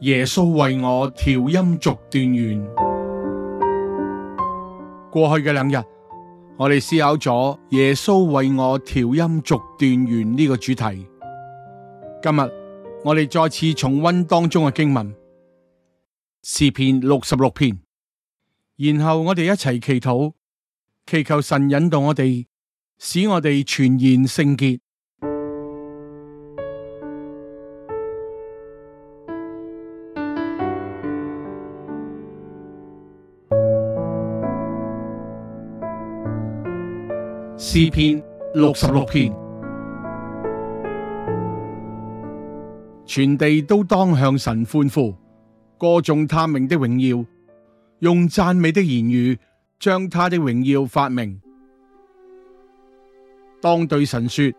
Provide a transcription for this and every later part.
耶穌為我調音續斷絃，過去嘅兩日，我哋思考咗耶穌為我調音續斷絃呢個主題。今日我哋再次重溫當中嘅經文，詩篇六十六篇，然後我哋一齊祈禱，祈求神引導我哋，使我哋全然聖潔。詩篇六十六篇，全地都當向神歡呼，歌頌他名的榮耀，用讚美的言語將他的榮耀發明。當對神說：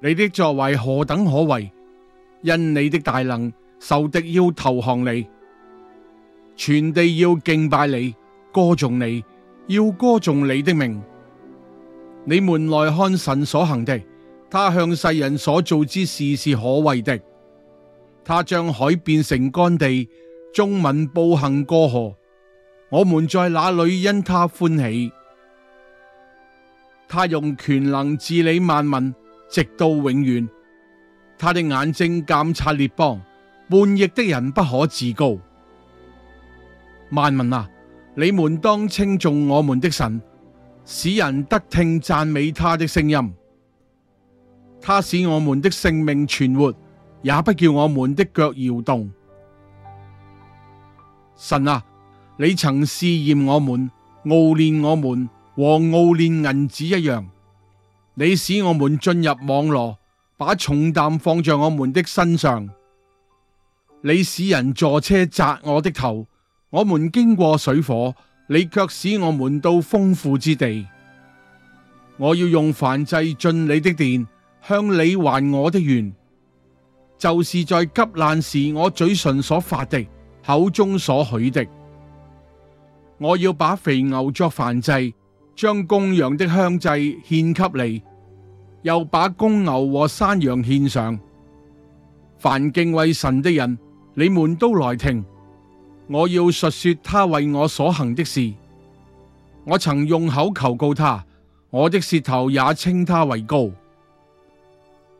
你的作為何等可畏！因你的大能，受敵要投降你，全地要敬拜你，歌頌你，要歌頌你的名。你們來看神所行的，他向世人所做之事是可畏的。他將海變成乾地，眾民步行過河。我們在那裏因他歡喜。他用權能治理萬民，直到永遠。他的眼睛監察列邦，叛逆的人不可自高。萬民啊，你們當稱頌我們的神。使人得聽贊美他的聲音，他使我們的性命存活，也不叫我們的腳搖動。神啊，你曾試驗我們，熬煉我們，和熬煉銀子一樣。你使我們進入網羅，把重擔放在我們的身上。你使人坐車砸我的頭，我們經過水火。你卻使我們到豐富之地，我要用燔祭進你的殿，向你還我的願，就是在急難時我嘴唇所發的，口中所許的。我要把肥牛作燔祭，將公羊的香祭獻給你；又把公牛和山羊獻上。凡敬畏神的人，你們都來聽。我要述說他為我所行的事，我曾用口求告他，我的舌頭也稱他為高。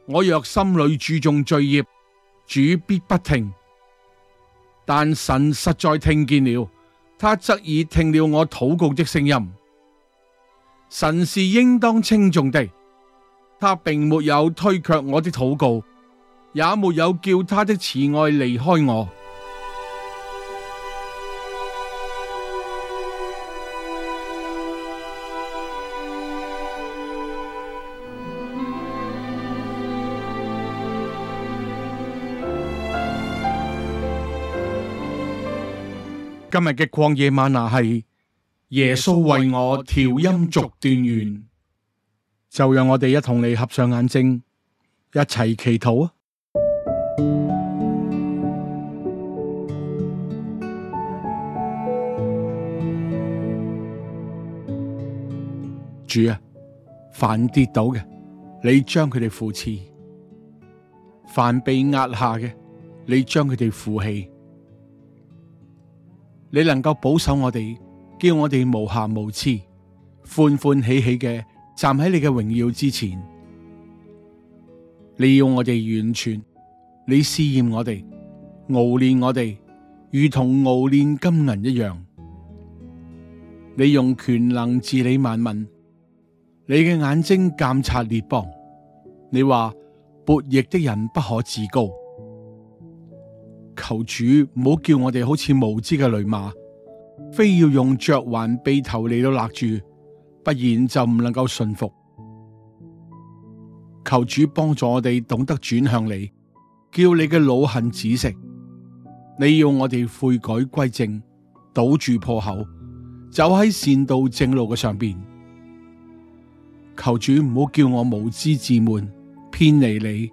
我若心裏注重罪孽，主必不聽；但神實在聽見了，他則已聽了我禱告的聲音。神是應當稱重的，他並沒有推卻我的禱告，也沒有叫他的慈愛離開我。今日嘅曠野嗎哪係耶穌為我調音續斷絃，就讓我哋一同你合上眼睛，一齊祈禱啊！主啊，凡跌倒嘅，你將佢哋扶持；凡被壓下嘅，你將佢哋扶起。你能夠保守我哋，叫我哋無瑕無疵，歡歡喜喜嘅站喺你嘅榮耀之前。你要我哋完全，你試驗我哋，熬煉我哋，如同熬煉金銀一樣。你用權能治理萬民，你嘅眼睛監察列邦。你話：悖逆的人不可自高。求主唔好叫我哋好似無知嘅騾馬，非要用嚼環、轡頭嚟到勒住，不然就唔能夠順服。求主幫助我哋懂得轉向你，叫你嘅老恨止息，你要我哋悔改歸正，堵住破口，走喺善道正路嘅上邊。求主唔好叫我無知自滿，偏離你。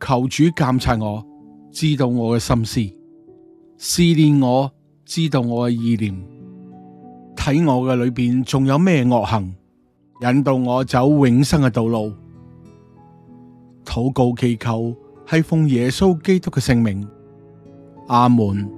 求主監察我。知道我嘅心思，試煉我，知道我嘅意念，睇我嘅裏邊仲有咩惡行，引導我走永生嘅道路。禱告祈求係奉耶穌基督嘅聖名，阿門。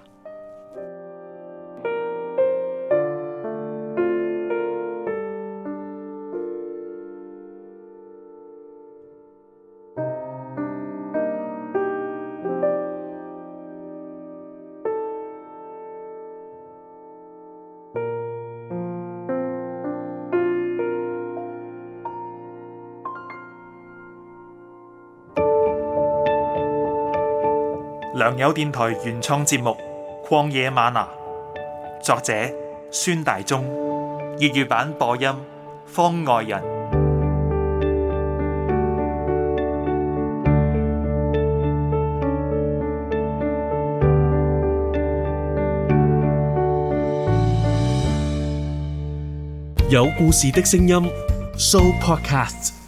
良友電台原創節目《曠野嗎哪》，作者孫大中，粵語版播音方外人，有故事的聲音，Show Podcast。